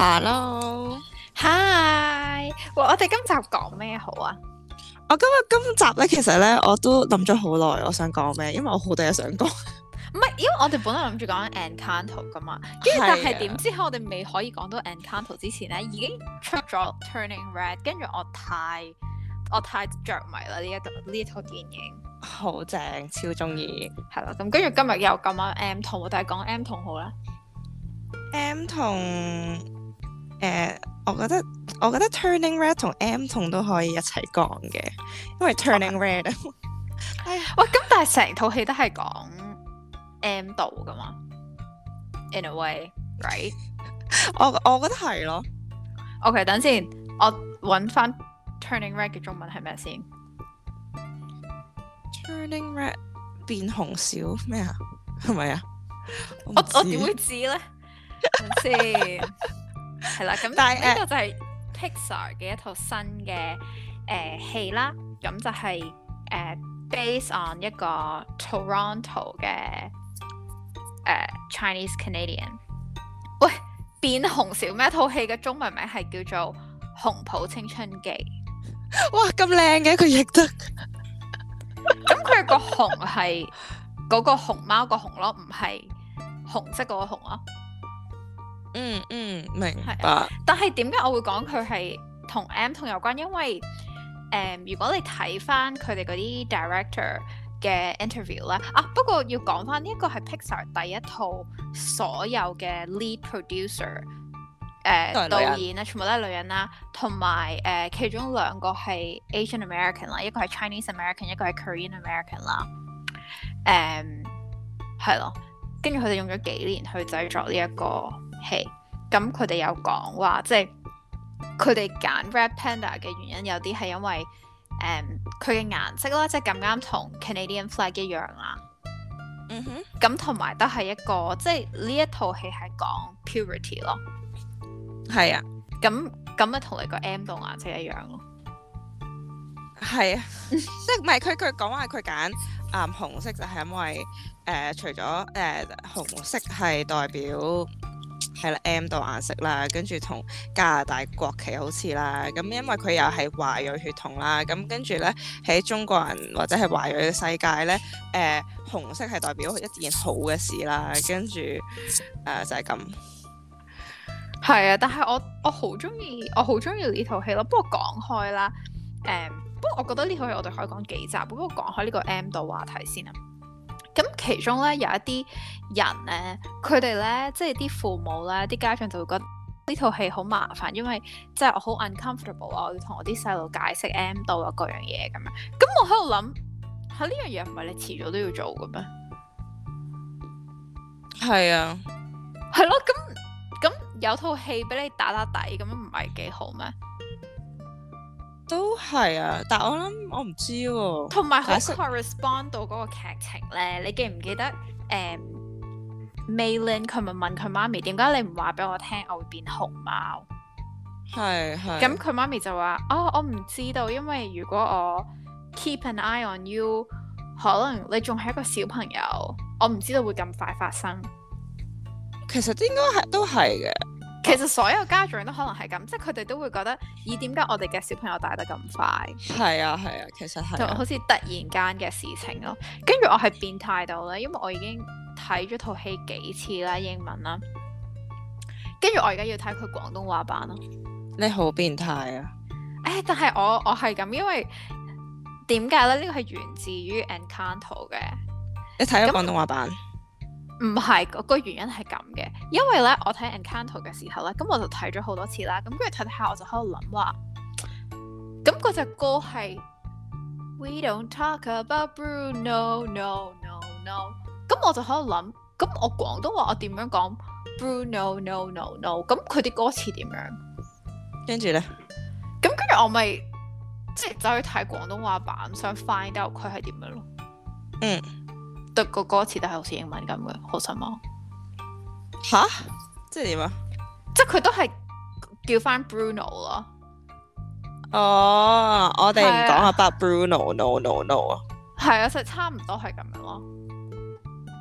Hello，Hi，我我哋今集講咩好啊？我今日今集咧，其實咧我都諗咗好耐，我想講咩，因為我好多嘢想講。唔係，因為我哋本來諗住講 Encanto 噶嘛，跟住、嗯、但係點知我哋未可以講到 Encanto 之前咧，已經出咗 Turning Red，跟住我太我太着迷啦呢、呢個、一呢套電影，好正，超中意。係啦，咁跟住今日又咁啱 M 痛，我哋講 M 痛好啦，M 痛。誒，我覺得我覺得 Turning Red 同 M 痛都可以一齊講嘅，因為 Turning Red 咧，係喂，咁但係成套戲都係講 M 度㗎嘛？In a way，right？我我覺得係咯。OK，等先，我揾翻 Turning Red 嘅中文係咩先？Turning Red 變紅少咩啊？係咪啊？我我點會知咧？先。係啦，咁但係呢個就係 Pixar 嘅一套新嘅，誒戲啦，咁、嗯、就係、是、誒、呃、based on 一個 Toronto 嘅，誒、呃、Chinese Canadian。喂，變紅小咩？套戲嘅中文名係叫做《熊抱青春記》。哇，咁靚嘅佢譯得，咁佢、 嗯、個紅係嗰個熊貓個紅咯，唔係紅色嗰個紅咯。嗯嗯，明啊。但係點解我會講佢係同 M 痛有關？因為誒、呃，如果你睇翻佢哋嗰啲 director 嘅 interview 啦，啊，不過要講翻呢一個係 Pixar 第一套所有嘅 lead producer 誒、呃、導演咧，全部都係女人啦，同埋誒其中兩個係 Asian American 啦，一個係 Chinese American，一個係 Korean American 啦，誒係咯，跟住佢哋用咗幾年去製作呢、這、一個。咁，佢哋、hey，有講話，即係佢哋揀 Red Panda 嘅原因有啲係因為誒佢嘅顏色啦，即係咁啱同 Canadian Flag 一樣啦。咁同埋都係一個即係呢一套戲係講 purity 咯。係啊，咁咁咪同你個 M 痛顏色一樣咯。係啊，嗯、即係唔係佢佢講話佢揀紅色就係因為誒、呃，除咗誒、呃、紅色係代表。係啦，M 度顏色啦，跟住同加拿大國旗好似啦，咁因為佢又係華裔血統啦，咁跟住咧喺中國人或者係華裔嘅世界咧，誒、呃、紅色係代表一件好嘅事啦，跟住誒、呃、就係、是、咁。係啊，但係我我好鍾意我好鍾意呢套戲咯。不過講開啦，誒、嗯、不過我覺得呢套戲我哋可以講幾集。不過講開呢個 M 度話題先啊。咁其中咧有一啲人咧，佢哋咧即係啲父母咧，啲家長就會覺得呢套戲好麻煩，因為即係我好 uncomfortable 啊，我要同我啲細路解釋 M 痛啊各樣嘢咁樣。咁我喺度諗，喺、啊、呢樣嘢唔係你遲早都要做嘅咩？係啊，係咯，咁咁有套戲俾你打打底，咁樣唔係幾好咩？都係啊，但我諗我唔知喎、啊。同埋好 correspond 到嗰個劇情咧，你記唔記得？誒 Meilin 佢咪問佢媽咪點解你唔話俾我聽，我會變熊貓？係係。咁佢媽咪就話：哦，我唔知道，因為如果我 keep an eye on you，可能你仲係一個小朋友，我唔知道會咁快發生。其實應該係都係嘅。其實所有家長都可能係咁，即係佢哋都會覺得，咦點解我哋嘅小朋友大得咁快？係啊係啊，其實係、啊。就好似突然間嘅事情咯。跟住我係變態到咧，因為我已經睇咗套戲幾次啦，英文啦，跟住我而家要睇佢廣東話版咯。你好變態啊！誒、欸，但係我我係咁，因為點解咧？呢個係源自於 Encanto 嘅。你睇咗廣東話版？那嗯唔係個原因係咁嘅，因為咧我睇 Encanto 嘅時候咧，咁我就睇咗好多次啦，咁跟住睇睇下我就喺度諗話，咁嗰隻歌係 We don't talk about Bruno, no, no, no, no。咁我就喺度諗，咁我廣東話我點樣講 Bruno, no, no, no, no？咁佢啲歌詞點樣？跟住咧，咁跟住我咪即係走去睇廣東話版，想 find out 佢係點樣咯。嗯。個歌詞都係好似英文咁嘅，好失望。吓？即係點啊？即係佢都係叫翻 Bruno 咯。哦，我哋唔講阿伯 Bruno，no，no，no 啊。係啊，其實差唔多係咁樣咯。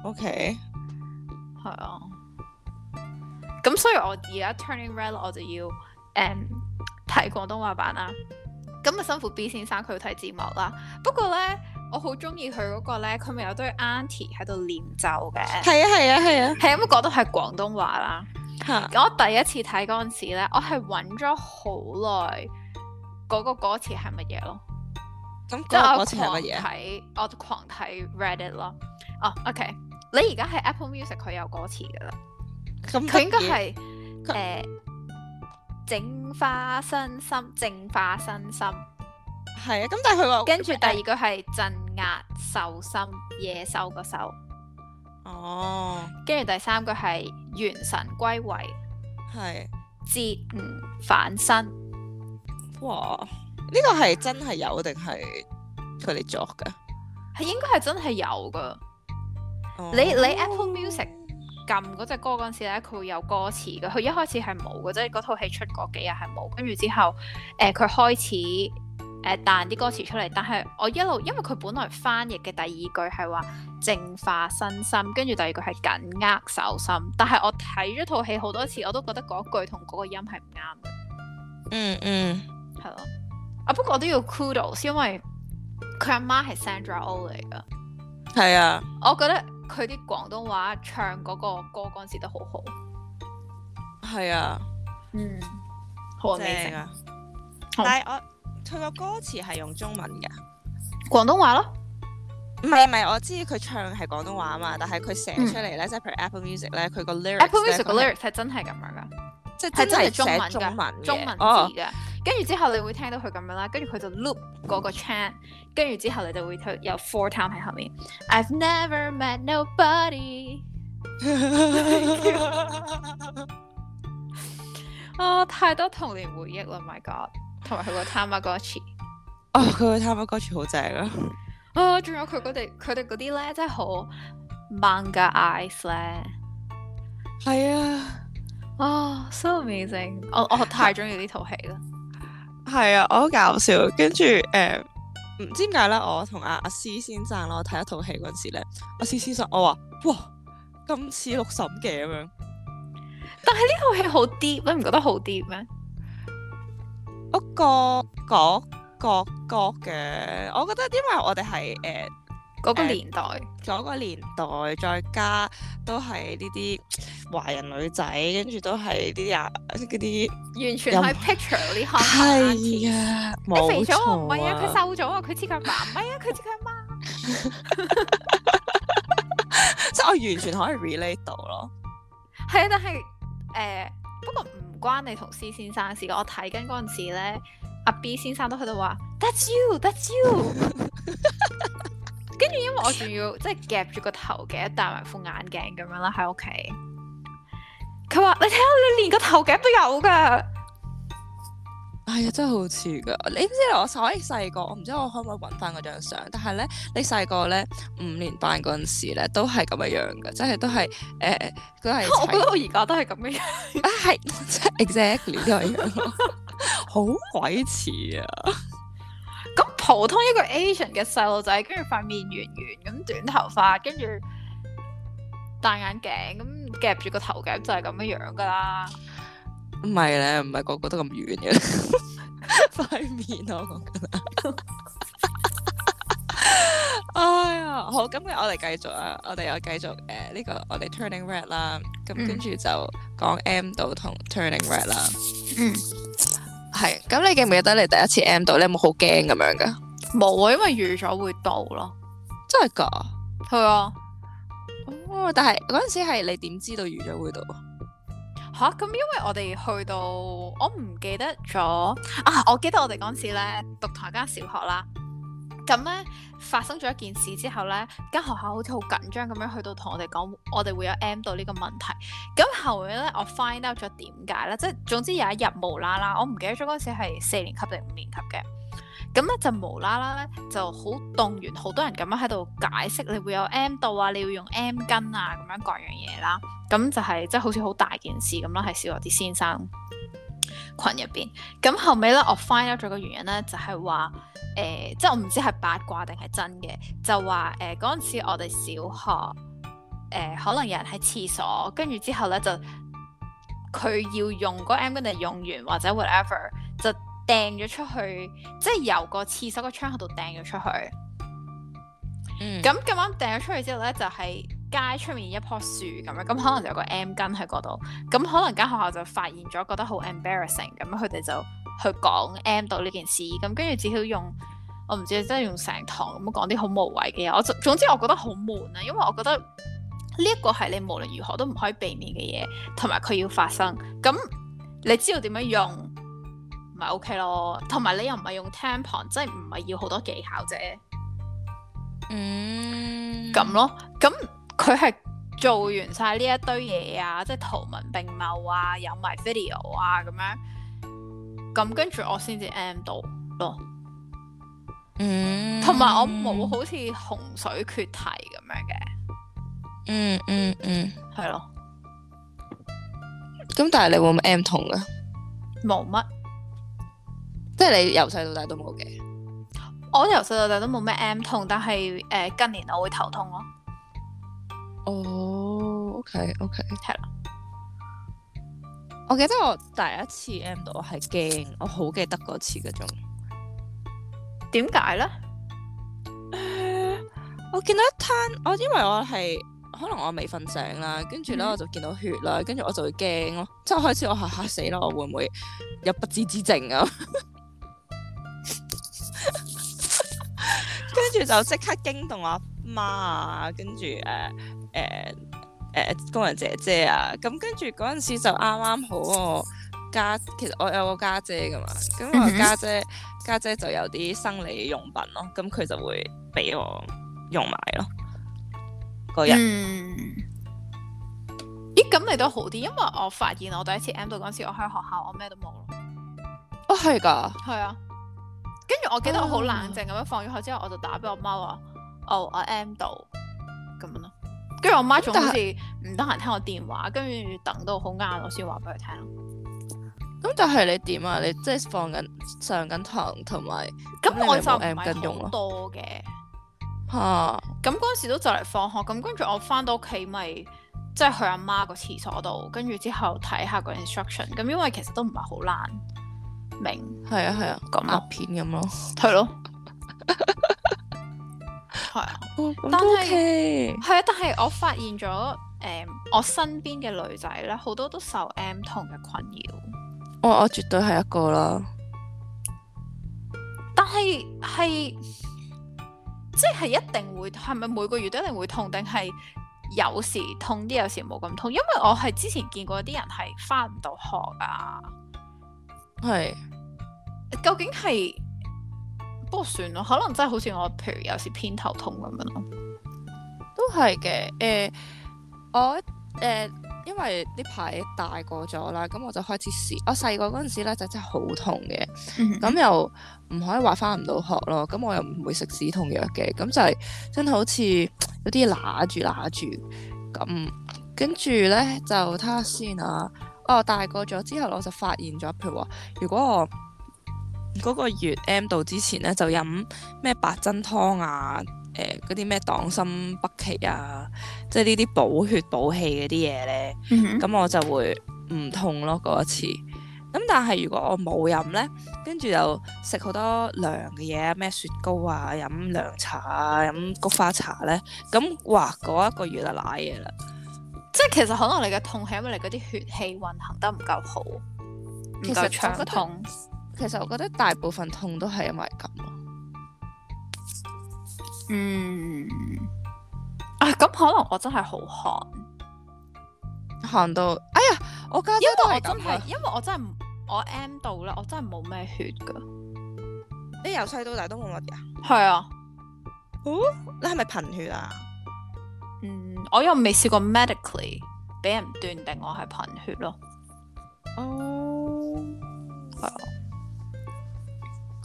OK，係啊。咁所以我而家 Turning Red 我就要誒睇廣東話版啦。咁啊，辛苦 B 先生佢要睇字幕啦。不過咧。我好中意佢嗰個咧，佢咪有堆 auntie 喺度唸咒嘅。係啊係啊係啊，係咁講到係廣東話啦。啊、我第一次睇嗰陣時咧，我係揾咗好耐嗰個歌詞係乜嘢咯？咁歌、嗯那個、歌詞係乜嘢？睇我狂睇 Reddit 咯。哦、oh，OK。你而家喺 Apple Music 佢有歌詞噶啦。咁佢應該係誒淨化身心，淨化身心。係啊，咁但係佢話，跟住第二個係鎮壓獸心野獸個獸，哦，跟住第三個係元神歸位，係折唔返身。哇！呢、這個係真係有定係佢哋作噶？係應該係真係有噶、哦。你你 Apple Music 撳嗰隻歌嗰陣時咧，佢會有歌詞噶。佢一開始係冇噶啫，嗰套戲出嗰幾日係冇，跟住之後誒佢、呃、開始。誒彈啲歌詞出嚟，但係我一路因為佢本來翻譯嘅第二句係話淨化身心，跟住第二句係緊握手心，但係我睇咗套戲好多次，我都覺得嗰句同嗰個音係唔啱嘅。嗯嗯，係咯。啊不過我都要 kudos，因為佢阿媽係 Sandra Oh 嚟㗎。係啊。我覺得佢啲廣東話唱嗰個歌嗰陣時都好好。係啊。嗯。好正棒啊！好但係我。佢個歌詞係用中文嘅，廣東話咯。唔係唔係，我知佢唱係廣東話啊嘛，但係佢寫出嚟咧，即係、嗯、譬如 App Music, Apple Music 咧，佢個 Apple Music 個 lyric 係真係咁樣噶，即係真係中文。中文、中文,中文字噶。跟住之後你會聽到佢咁樣啦，跟住佢就 loop 嗰個 chat 跟住之後你就會有 four time 喺後面。 I've never met nobody。啊！太多童年回憶啦，My God！同埋佢個 tamagotchi，哦，佢個 tamagotchi 好正啊！哦、啊，仲有佢嗰啲，佢哋嗰啲咧，真係好 manga eyes 咧。係啊，哦 so amazing！我我太中意呢套戲啦。係 啊，我好搞笑。跟住誒，唔、嗯、知點解咧，我同阿阿詩先贊啦。睇一套戲嗰陣時咧，阿詩先想我話：哇，咁似六嬸嘅咁樣。但係呢套戲好 deep，你唔覺得好 deep 咩？個個個個嘅，我覺得因為我哋係誒嗰個年代，咗個年代，再加都係呢啲華人女仔，跟住都係呢啲啊嗰啲，完全係 picture 呢行係啊，你肥咗啊，唔係啊，佢瘦咗啊，佢似佢阿爸唔係啊，佢似佢阿媽，即係我完全可以 relate 到咯。係啊，但係誒。不過唔關你同 C 先生的事噶，我睇緊嗰陣時咧，阿 B 先生都喺度話 That's you, That's you，跟住 因為我仲要即係夾住個頭頸，戴埋副眼鏡咁樣啦喺屋企，佢話你睇下你連個頭頸都有噶。係啊、哎，真係好似噶，你唔知我細細個，我唔知我可唔可以搵翻嗰張相。但係咧，你細個咧，五年班嗰陣時咧，都係咁嘅樣噶，即係都係誒、呃，都係。我覺得我而家都係咁嘅樣。啊，係，exactly 都係咁樣。好鬼似啊！咁普通一個 Asian 嘅細路仔，跟住塊面圓圓，咁短頭髮，跟住戴眼鏡，咁夾住個頭夾就係咁嘅樣噶啦。唔係咧，唔係個個都咁遠嘅，塊面我講緊 哎呀，好，咁我哋繼續啊，我哋又繼續誒呢、呃這個我哋 Turning Red 啦，咁跟住就講 M 度同 Turning Red 啦。嗯，係、嗯，咁、嗯、 你記唔記得你第一次 M 度，你有冇好驚咁樣噶？冇啊，因為預咗會到咯真。真係噶？係啊。哦，但係嗰陣時係你點知道預咗會到？吓，咁、啊、因為我哋去到，我唔記得咗啊！我記得我哋嗰陣時咧讀同一間小學啦。咁咧發生咗一件事之後咧，間學校好似好緊張咁樣去到同我哋講，我哋會有 M 到呢個問題。咁後尾咧，我 find out 咗點解咧？即係總之有一日無啦啦，我唔記得咗嗰陣時係四年級定五年級嘅。咁咧就無啦啦咧就好動員好多人咁樣喺度解釋，你會有 M 度啊，你要用 M 巾啊，咁樣各樣嘢啦。咁就係即係好似好大件事咁啦，喺小學啲先生群入邊。咁後尾咧，我 find out 咗個原因咧就係、是、話，誒、呃、即係我唔知係八卦定係真嘅，就話誒嗰陣時我哋小學誒、呃、可能有人喺廁所，跟住之後咧就佢要用嗰 M 巾定用完或者 whatever 就。掟咗出去，即係由個廁所個窗口度掟咗出去。嗯，咁咁啱掟咗出去之後咧，就喺街出面一棵樹咁樣，咁可能就有個 M 巾喺嗰度，咁可能間學校，校就發現咗，覺得好 embarrassing，咁佢哋就去講 M 到呢件事，咁跟住只係用，我唔知真係用成堂咁講啲好無謂嘅嘢。我總之我覺得好悶啊，因為我覺得呢一個係你無論如何都唔可以避免嘅嘢，同埋佢要發生，咁你知道點樣用？嗯咪 OK 咯，同埋你又唔係用 tampon，即係唔係要好多技巧啫。嗯、mm，咁、hmm. 咯，咁佢係做完晒呢一堆嘢啊，即係圖文並茂啊，有埋 video 啊，咁樣，咁跟住我先至 M 到咯。嗯、mm，同、hmm. 埋我冇好似洪水決堤咁樣嘅。嗯嗯嗯，係、hmm. 咯。咁但係你會唔會 M 痛噶？冇乜。即係你由細到大都冇嘅，我由細到大都冇咩 M 痛，但係誒近年我會頭痛咯、啊。哦、oh，OK OK，係啦的。我記得我第一次 M 到我，我係驚、呃，我好記得嗰次嗰種。點解咧？我見到一灘，我因為我係可能我未瞓醒啦，跟住咧我就見到血啦，跟住我就會驚咯。即係開始我係嚇死啦，我會唔會有不治之症啊？ 跟住就即刻驚動阿媽啊，跟住誒誒誒工人姐姐啊，咁跟住嗰陣時就啱啱好，我家其實我有個家姐噶嘛，咁我家姐家姐就有啲生理用品咯，咁佢就會俾我用埋咯嗰日。咦，咁你都好啲，因為我發現我第一次 M 到嗰陣時，我喺學校我咩都冇咯。哦，係噶。係啊。跟住我記得我好冷靜咁樣放咗學之後，我就打俾我媽話：哦、uh. oh，我 M 到咁樣咯。跟住我媽仲好似唔得閒聽我電話，跟住等到好晏我先話俾佢聽。咁就係你點啊？你即係放緊上緊堂同埋，咁、嗯、我就唔係好多嘅嚇。咁嗰陣時都就嚟放學，咁跟住我返到屋企咪即係去阿媽個廁所度，跟住之後睇下個 instruction。咁因為其實都唔係好難。明係啊係啊，講片咁咯，係咯，係啊。但係係啊，但係我發現咗誒、嗯，我身邊嘅女仔咧，好多都受 M 痛嘅困擾。我、喔、我絕對係一個啦。 但係係即係一定會係咪每個月都一定會痛？定係有時痛啲，有時冇咁痛？因為我係之前見過啲人係翻唔到學㗎。係，是究竟係，不過算咯，可能真係好似我，譬如有時偏頭痛咁樣咯，都係嘅。誒、呃，我誒、呃，因為呢排大個咗啦，咁我就開始試。我細個嗰陣時咧、嗯、哼就真係好痛嘅，咁又唔可以話翻唔到學咯。咁我又唔會食止痛藥嘅，咁就係真係好似有啲乸住乸住咁，跟住咧就睇下先啊。哦，大個咗之後，我就發現咗，譬如話，如果我嗰個月 M 度之前咧，就飲咩八珍湯啊，誒嗰啲咩黨蔘北芪啊，即係呢啲補血補氣嗰啲嘢咧，咁、嗯、哼我就會唔痛咯、啊、嗰一次。咁但係如果我冇飲咧，跟住就食好多涼嘅嘢，咩雪糕啊，飲涼茶啊，飲菊花茶咧，咁哇嗰一個月就攋嘢啦～即係其實可能你嘅痛係因為你嗰啲血氣運行得唔夠好，唔夠暢通，其實我覺得大部分痛都係因為咁咯。嗯，啊咁可能我真係好寒，寒到哎呀！我家姐都係咁，因為因為我真係我，我 M 到啦，我真係冇咩血噶。你由細到大都冇乜嘢？係啊。哦，你係咪貧血啊？我又未試過 medically 俾人斷定我係貧血咯。哦、um, wow.，係啊。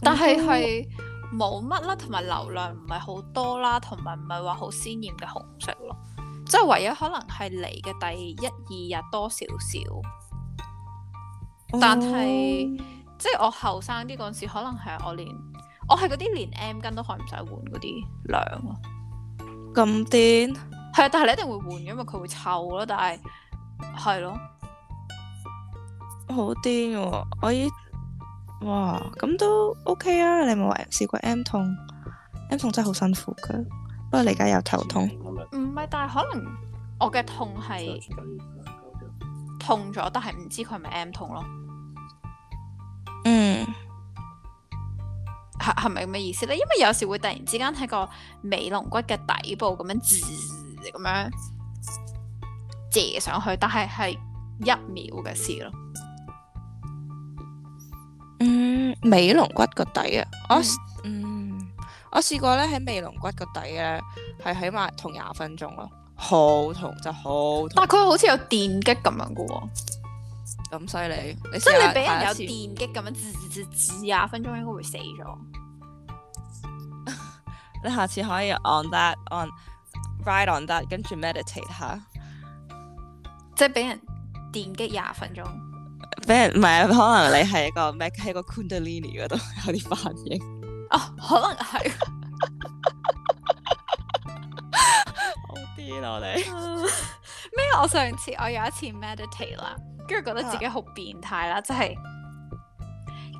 但係係冇乜啦，同埋流量唔係好多啦，同埋唔係話好鮮艷嘅紅色咯。即、就、係、是、唯一可能係嚟嘅第一二日多少少。但係、oh. 即係我後生啲嗰陣時，可能係我連我係嗰啲連 M 巾都可唔使換嗰啲量咯。咁癲？係啊，但係你一定會換，因為佢會臭咯。但係係咯，好癲喎、哦！我依哇咁都 OK 啊！你冇試過 M 痛？M 痛真係好辛苦嘅。不過你而家有頭痛，唔係、嗯，但係可能我嘅痛係痛咗，但係唔知佢係咪 M 痛咯。嗯，係咪咁嘅意思咧？因為有時會突然之間喺個尾龍骨嘅底部咁樣。咁樣借上去，但係係一秒嘅事咯。嗯，尾龍骨個底啊，我嗯，嗯，我試過咧喺尾龍骨個底咧，係起碼痛廿分鐘咯，好痛就好痛。但係佢好似有電擊咁樣嘅喎，咁犀利，所以 你俾嘗人有電擊咁樣，滋滋滋滋，廿分鐘應該會死咗。 你下次可以按得按。Right on that，跟住 meditate 下、huh?，即係俾人電擊廿分鐘，俾人唔係可能你係一個係 一個 Kundalini 嗰度有啲反應，哦，可能係，好癲咯，啊，我哋咩？我上次我有一次 meditate 啦，跟住覺得自己好變態啦，即係、啊、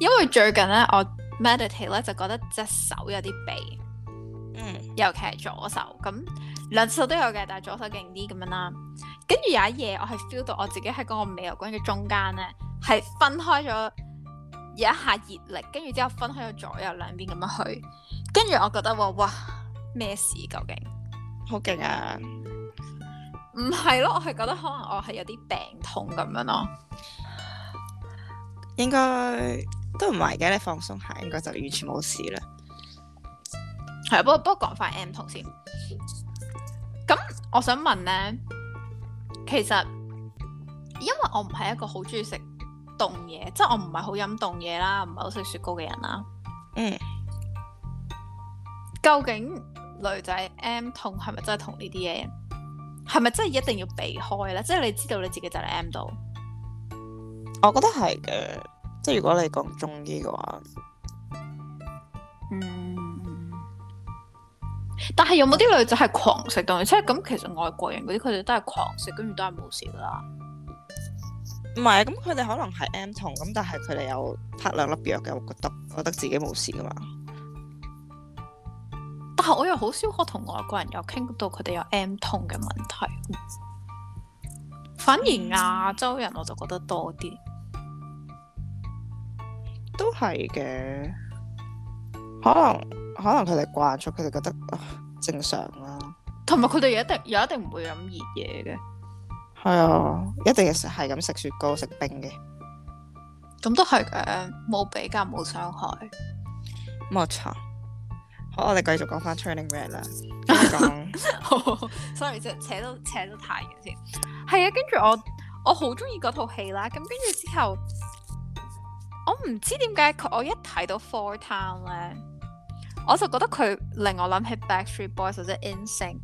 因為最近咧，我 meditate 咧就覺得隻手有啲痹。嗯，尤其係左手，咁兩手都有嘅，但係左手勁啲咁樣啦。跟住有一夜，我係 feel 到我自己喺嗰個美樂館嘅中間咧，係分開咗有一下熱力，跟住之後分開咗左右兩邊咁樣去。跟住我覺得哇，咩事？究竟好勁啊！唔係咯，我係覺得可能我係有啲病痛咁樣咯。應該都唔係嘅，你放鬆下，應該就完全冇事啦。不過不過講翻 M 痛先。咁我想問咧，其實因為我唔係一個好中意食凍嘢，即係我唔係好飲凍嘢啦，唔係好食雪糕嘅人啦。嗯。究竟女仔 M 痛係咪真係同呢啲嘢？係咪真係一定要避開咧？即係你知道你自己就嚟 M 到。我覺得係嘅，即係如果你講中醫嘅話。但係有冇啲女仔係狂食到？即係咁，其實外國人嗰啲佢哋都係狂食，跟住都係冇事噶啦。唔係，咁佢哋可能係 M 痛，咁但係佢哋有拍兩粒藥嘅，我覺得我覺得自己冇事噶嘛。但係我又好少可同外國人有傾到佢哋有 M 痛嘅問題。反而亞洲人我就覺得多啲，嗯，都係嘅，可能。可能佢哋慣咗，佢哋覺得、呃、正常啦、啊。同埋佢哋有一定有一定唔會飲熱嘢嘅。係啊，一定食係咁食雪糕食冰嘅。咁都係嘅，冇比較冇傷害。冇錯。好，我哋繼續講翻 Turning Red 啦。講。s o r r y 即扯到扯到太遠先。係、嗯、啊，跟住我我好中意嗰套戲啦。咁跟住之後，我唔知點解我一睇到 Four Town 咧。我就覺得佢令我諗起 Backstreet Boys 或者 NSYNC。誒、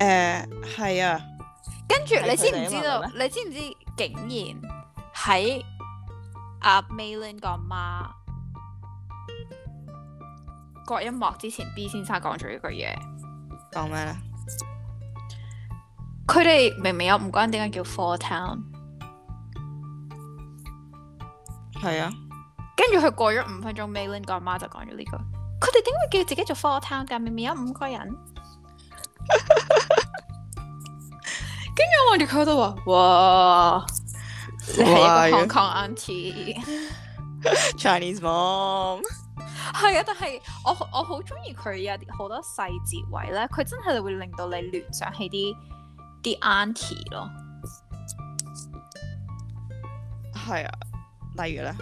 呃，係啊。跟住着 是你知唔知道？你知唔知竟然喺阿 Mei Lin 個媽過音樂之前，B 先生講咗一句嘢。講咩咧？佢哋明明有唔關點解叫 Four Town？係啊。跟住佢過咗五分鐘，Maylin 個阿媽就講咗呢句：佢哋點會叫自己做 4*Town 㗎？明明有五個人。跟住 我望住佢都話：哇，係哇一個 Hong Kong auntie， Chinese mom。係啊，但係我我好中意佢有啲好多細節位咧，佢真係會令到你聯想起啲啲 auntie 咯。係啊，例如咧。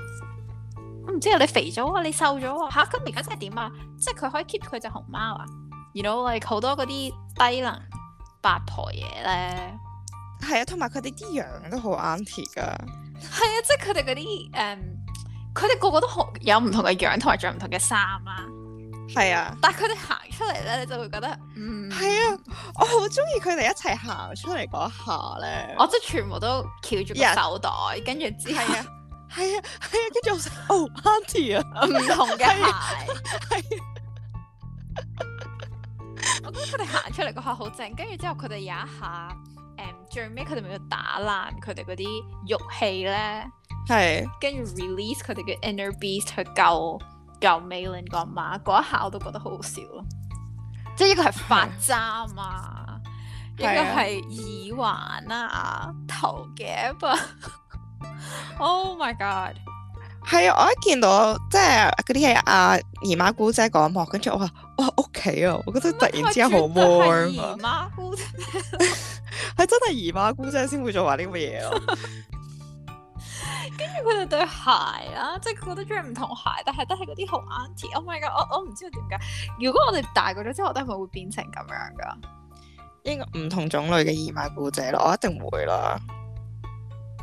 唔知啊，你肥咗啊，你瘦咗啊？嚇、啊！咁而家即係點啊？即係佢可以 keep 佢隻熊貓啊？You know, 好多嗰啲低能八婆嘢咧。係啊，同埋佢哋啲樣都好 auntie 噶。係啊，即係佢哋嗰啲誒，佢、嗯、哋個個都好有唔同嘅樣，同埋着唔同嘅衫啦。係啊。啊但係佢哋行出嚟咧，你就會覺得，嗯。係啊，我好中意佢哋一齊行出嚟嗰下咧。我即係全部都翹住個手袋，Yeah. 跟住之後。 係啊，係啊，跟住我成哦，阿姐啊，唔同嘅鞋，係。我覺得佢哋行出嚟嗰下好正，跟住之後佢哋有一下，誒、嗯、最尾佢哋咪要打爛佢哋嗰啲玉器咧，係是。跟住 release 佢哋嘅 inner beast 去救救 Maylin 個阿媽，嗰一下我都覺得好好笑咯。即係一個係髮簪啊，一個係耳環啊，頭夾啊。 Oh my god！係、啊、我見到即係嗰啲嘢阿姨媽姑姐講莫，跟住我話哇屋企啊，我覺得突然之間好 warm 姨媽姑姐係 真係姨媽姑姐先會做話呢個嘢咯。跟住佢哋對鞋啊， 鞋即係佢哋都着唔同鞋，但係都係嗰啲好 aunty。Oh my god！我我唔知道點解。如果我哋大個咗之後，我哋係咪會變成咁樣噶？應該唔同種類嘅姨媽姑姐咯，我一定會啦。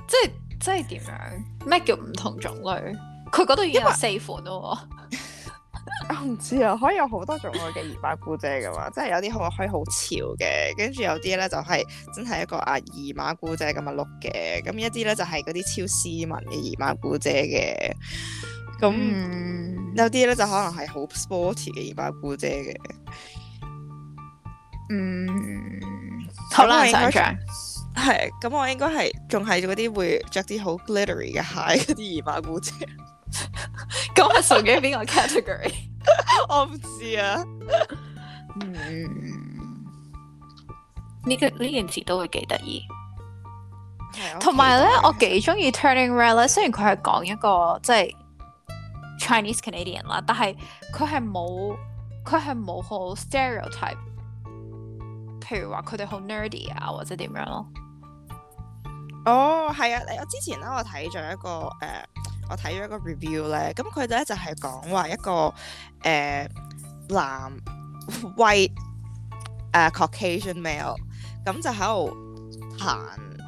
即係。即係點樣？咩叫唔同種類？佢嗰度已經有四款咯。我唔知啊，可以有好多種類嘅姨媽姑姐噶嘛？即係有啲可可以好潮嘅，跟住有啲咧就係、是、真係一個阿姨媽姑姐咁樣碌嘅，咁一啲咧就係嗰啲超斯文嘅姨媽姑姐嘅。咁、嗯、有啲咧就可能係好 sporty 嘅姨媽姑姐嘅。嗯，好難想象。嗯，有係，咁我應該係仲係嗰啲會着啲好 glittery 嘅鞋嗰啲姨媽姑姐。咁屬於邊個 category？我唔知啊。 嗯，呢個呢件事都會幾得意。同埋咧， 我幾中意 Turning Red 咧，雖然佢係講一個即係 Chinese Canadian 啦，但係佢係冇佢係冇好 stereotype。譬如話佢哋好 nerdy 啊，或者點樣咯？哦，係啊，我之前咧我睇咗一個，誒、呃，我睇咗一個 review 咧，咁佢哋咧就係講話一個誒男、呃、white 誒、呃、Caucasian male，咁就喺度彈。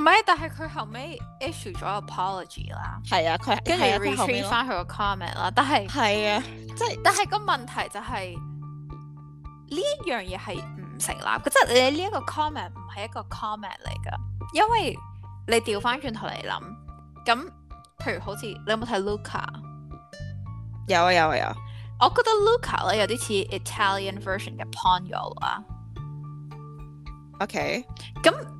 唔係，但係佢後尾 issue 咗 apology 啦。係啊，佢跟住佢 retract 翻佢個 comment 啦。但係係啊，即、就、係、係、但係個問題就係、係、呢一樣嘢係唔成立。佢即係你呢一個 comment 唔係一個 comment 嚟噶，因為你調翻轉頭嚟諗，咁譬如好似你有冇睇 Luca？有啊有啊有！我覺得 Luca 咧有啲似 Italian version 嘅 Ponyo 啦。OK，咁。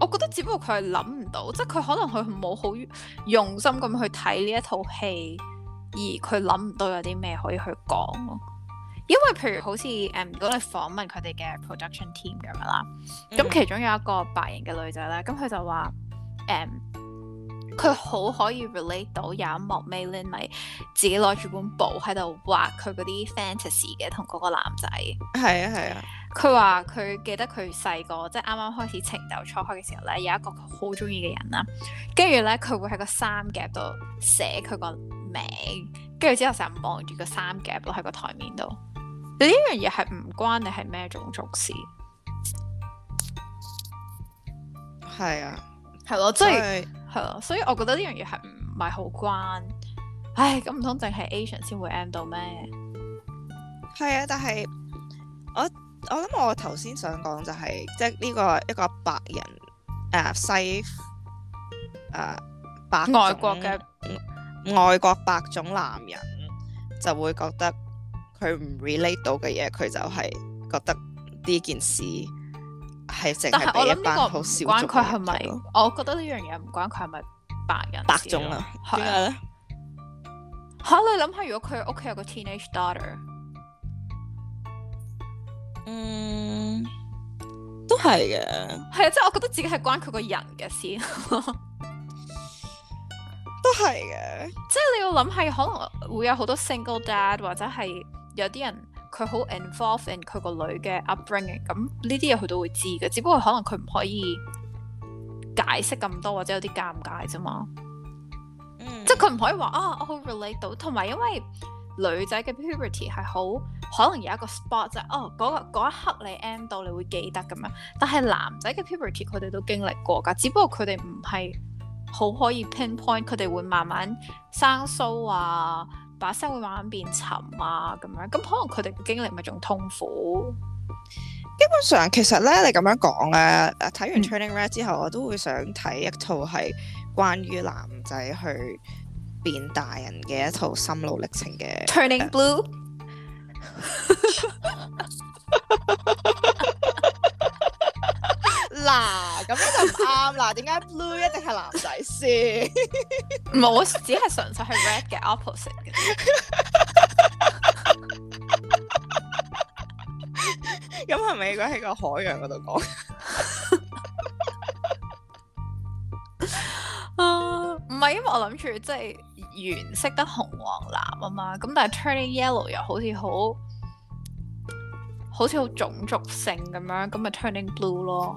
我覺得只不過佢係諗唔到，即係佢可能佢冇好用心咁去睇呢一套戲，而佢諗唔到有啲咩可以去講。嗯、因為譬如好似誒、嗯，如果你訪問佢哋嘅 production team 咁樣啦，咁其中有一個白人嘅女仔咧，咁佢就話誒，嗯佢好可以 relate 到有一幕美玲咪自己攞住本簿喺度畫佢嗰啲 fantasy 嘅同嗰個男仔。係啊係啊。佢話佢記得佢細個即係啱啱開始情竇初開嘅時候咧，有一個佢好中意嘅人啦。跟住咧佢會喺個衫夾度寫佢個名，跟住之後成日望住個衫夾咯喺個台面度。呢樣嘢係唔關你係咩種族事。係啊，係咯以，即係。係咯，所以我覺得呢樣嘢係唔係好關，唉，咁唔通淨係 Asian 先會 end 到咩？係啊， 但係我我諗我頭先想講就係，即係呢個一個白人誒西誒白外國嘅外國白種男人就會覺得佢唔 relate 到嘅嘢，佢就係覺得呢件事。但係我諗呢個唔關佢係咪，係咪我覺得呢樣嘢唔關佢係咪白人白種啦、啊？點解咧？吓、啊、你諗下，如果佢屋企有個 teenage daughter，嗯，都係嘅。係啊，即係我覺得自己係關佢個人嘅先， 都係嘅。即係你要諗係可能會有好多 single dad 或者係有啲人。佢好 involve in 佢個女嘅 upbringing，咁呢啲嘢佢都會知嘅，只不過可能佢唔可以解釋咁多，或者有啲尷尬啫嘛。Mm. 即係佢唔可以話啊、哦，我好 relate 到。同埋因為女仔嘅 puberty 係好可能有一個 spot 啫、就係，哦嗰、那個、一刻你 end 到，你會記得咁樣。但係男仔嘅 puberty 佢哋都經歷過㗎，只不過佢哋唔係好可以 pinpoint，佢哋會慢慢生疏啊。把聲會慢慢變沉啊，咁樣，咁可能佢哋嘅經歷咪仲痛苦。基本上其實咧，你咁樣講咧、啊，睇、嗯、完《Turning Red》之後，我都會想睇一套係關於男仔去變大人嘅一套心路歷程嘅《Turning Blue》。 嗱，咁樣就唔啱。嗱、啊，點解 blue 一定係男仔先？唔 係，我只係純粹係 red 嘅 opposite 嘅。e 咁係咪應該喺個海洋嗰度講？唔係，因為我諗住即係原色得紅黃藍啊嘛。咁但係 turning yellow 又好似好，好似好種族性咁樣，咁咪 turning blue 咯。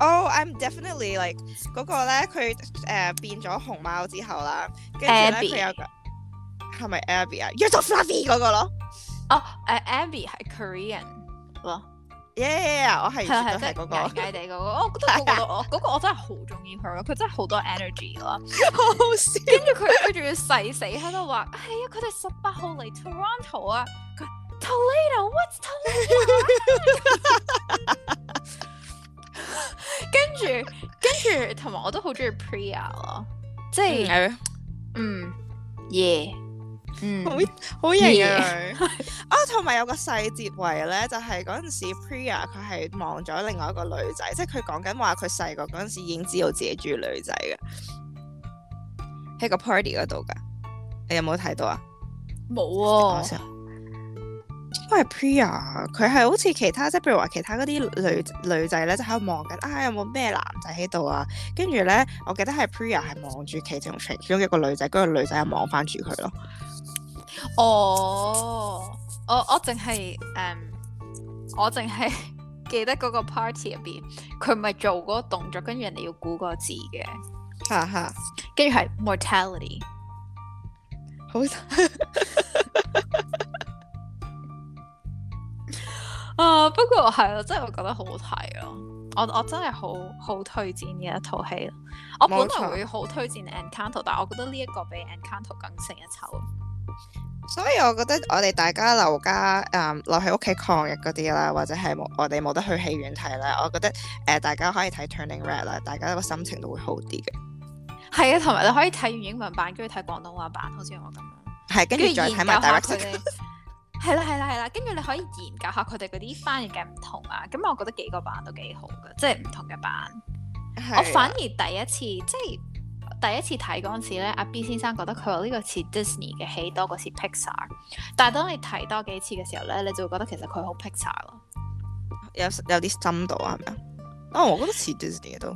哦，I'm definitely like 嗰個咧，佢誒變咗熊貓之後啦，跟住咧佢有個係咪 Abby 啊，叫做 f l a f i 嗰個咯。哦，誒 Abby 係 Korean 咯。Yeah，我係係係即地個，我覺得嗰個嗰個我真係好中意佢咯，佢真係好多 energy 咯，好好笑。跟住佢佢仲要細死喺度話，係啊，佢哋十八號嚟 Toronto 啊 t u l a d o w h a t s t u l a d o 跟住，跟住，同埋 我都好中意 Pria 咯，即係是，嗯，耶，好，好型啊！同埋有個細節位咧，就係嗰陣時 Pria 佢係望咗另外一個女仔，即係佢講緊話佢細個嗰陣時已經知道自己住女仔嘅，喺個 party 嗰度噶，你有冇睇到啊？冇啊！因為 Priya 佢係好似其他，即係譬如話其他嗰啲女女仔咧，就喺度望緊啊，有冇咩男仔喺度啊？跟住咧，我記得係 Priya 係望住其中其中一個女仔，跟住嗰個女仔又望翻住佢咯。哦，我我淨係誒，我淨係、um, 記得嗰個 party 入邊，佢咪做嗰個動作，跟住人哋要估個字嘅。嚇嚇， 跟住係 mortality。好。啊，不過係啊，真係我覺得好好睇咯，我我真係好好推薦呢一套戲咯。我本來會好推薦 Encanto，冇錯，但係我覺得呢一個比 Encanto 更勝一籌。所以，我覺得我哋大家留家，誒、嗯、留喺屋企抗疫嗰啲啦，或者係我哋冇得去戲院睇咧，我覺得誒、呃、大家可以睇 Turning Red 啦，大家個心情都會好啲嘅。係啊，同埋你可以睇完英文版，跟住睇廣東話版，好似我咁樣。係，跟住再睇埋大 i r 係啦，係啦，係啦，跟住你可以研究下佢哋嗰啲翻譯嘅唔同啊。咁我覺得幾個版都幾好嘅，即係唔同嘅版。的我反而第一次，即係第一次睇嗰陣時咧，阿 B 先生覺得佢話呢個似 Disney 嘅戲多過似 Pixar，但係當你睇多幾次嘅時候咧，你就會覺得其實佢好 Pixar 咯。有有啲深度啊，係咪啊？啊、哦，我覺得似 Disney 都。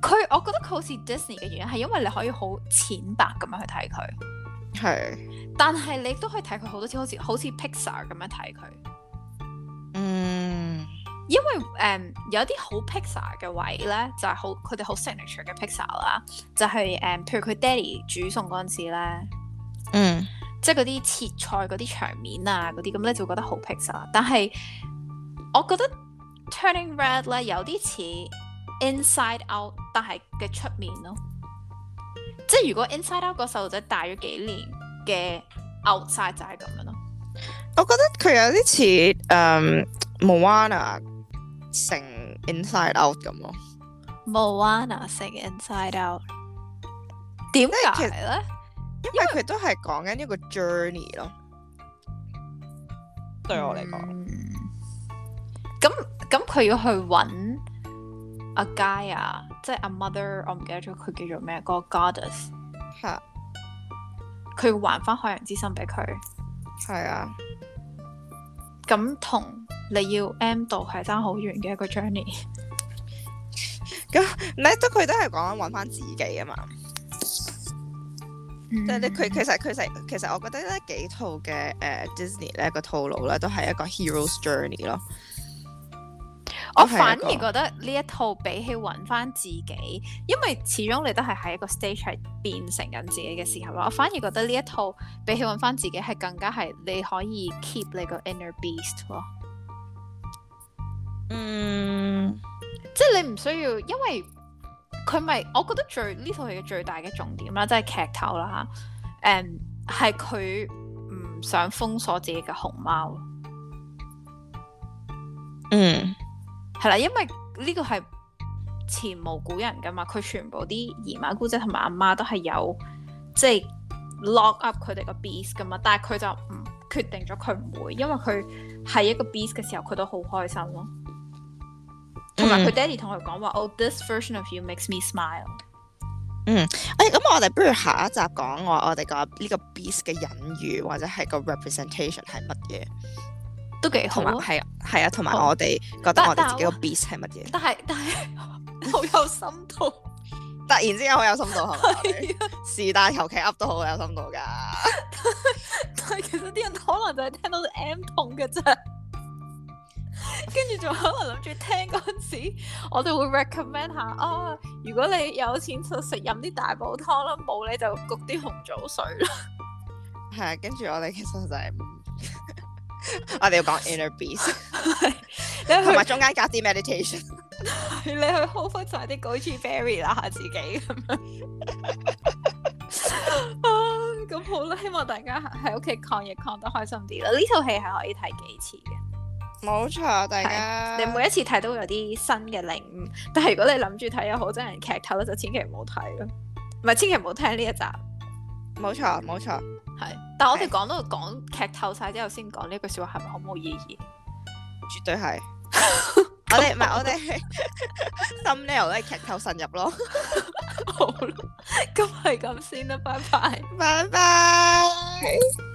佢我覺得佢好似 Disney 嘅原因係因為你可以好淺白咁樣去睇佢。係，是但係你都可以睇佢好多次，好似好似 Pixar 咁樣睇佢，嗯。嗯，因為誒有啲好 Pixar 嘅位咧，就係、是、好佢哋好 signature 嘅 Pixar 啦，就係、是、誒、嗯，譬如佢爹哋煮餸嗰陣時咧，嗯，即係嗰啲切菜嗰啲場面啊，嗰啲咁咧就會覺得好 Pixar。但係我覺得 Turning Red 咧有啲似 Inside Out，但係嘅出面咯。即係如果 Inside Out 個細路仔大咗幾年嘅 Outside 就係咁樣咯，我覺得佢有啲似誒 Moana 成 Inside Out 咁咯。Moana 成 Inside Out 點解咧？其實呢？因為佢都係講緊一個 journey 咯，對我嚟講，咁咁佢要去搵。阿佳啊，即係阿 mother，我唔記得咗佢叫做咩，個 goddess，係，佢要還翻海洋之心俾佢，係啊，咁同你要 M 度係爭好遠嘅一個 journey，咁唔都佢都係講揾翻自己啊嘛，即係你佢其實佢實其實我覺得咧幾套嘅誒、uh, Disney 咧個套路咧都係一個 hero’s journey 咯。我反而覺得呢一套比起揾翻自己，因為始終你都係喺一個 stage 喺變成緊自己嘅時候囉。我反而覺得呢一套比起揾翻自己係更加係你可以 keep 你個 inner beast 囉。嗯，即係你唔需要，因為佢咪，我覺得最呢套戲嘅最大嘅重點啦，即係劇頭啦嚇。誒，係佢唔想封鎖自己嘅熊貓。嗯。係啦，因為呢個係前無古人㗎嘛，佢全部啲姨媽姑姐同埋阿媽都係有即係 lock up 佢哋個 beast 㗎嘛，但係佢就唔決定咗佢唔會，因為佢喺一個 beast 嘅時候，佢都好開心咯。同埋佢爹哋同佢講話：Oh, this version of you makes me smile。嗯，哎，咁我哋不如下一集講我我哋個呢個 beast 嘅隱喻，或者係個 representation 係乜嘢？都幾好，同埋係啊，係啊，同埋我哋覺得我哋自己個 beat 係乜嘢？但係但係好 有深度。突然之間好有深度，係 啊，是 但求其 up 都好有深度噶。但係其實啲人可能就係聽到 M 痛嘅啫，跟住仲可能諗住聽嗰陣時，我哋會 recommend 下啊、哦，如果你有錢就食飲啲大補湯啦，冇你就焗啲紅棗水啦。係 啊，跟住我哋其實就係、是。我哋、啊、要講 inner peace，同埋中間加啲 meditation，你去 hold 吸晒啲高處 b e r y 啦，自己咁 啊、樣。咁好啦，希望大家喺屋企抗疫，抗疫抗得開心啲啦。呢套戲係可以睇幾次嘅，冇錯，大家。你每一次睇都會有啲新嘅領悟，但係如果你諗住睇有好多人劇透，咧，就千祈唔好睇咯，唔係，千祈唔好聽呢一集。冇錯，冇錯。但係我哋講到講劇是的 透晒之後，先講呢句說話係咪好冇意義？絕對係 多，我哋唔係我哋，心呢我都係劇透慎入咯 好吧。好啦，咁係咁先啦，拜拜，拜拜 bye。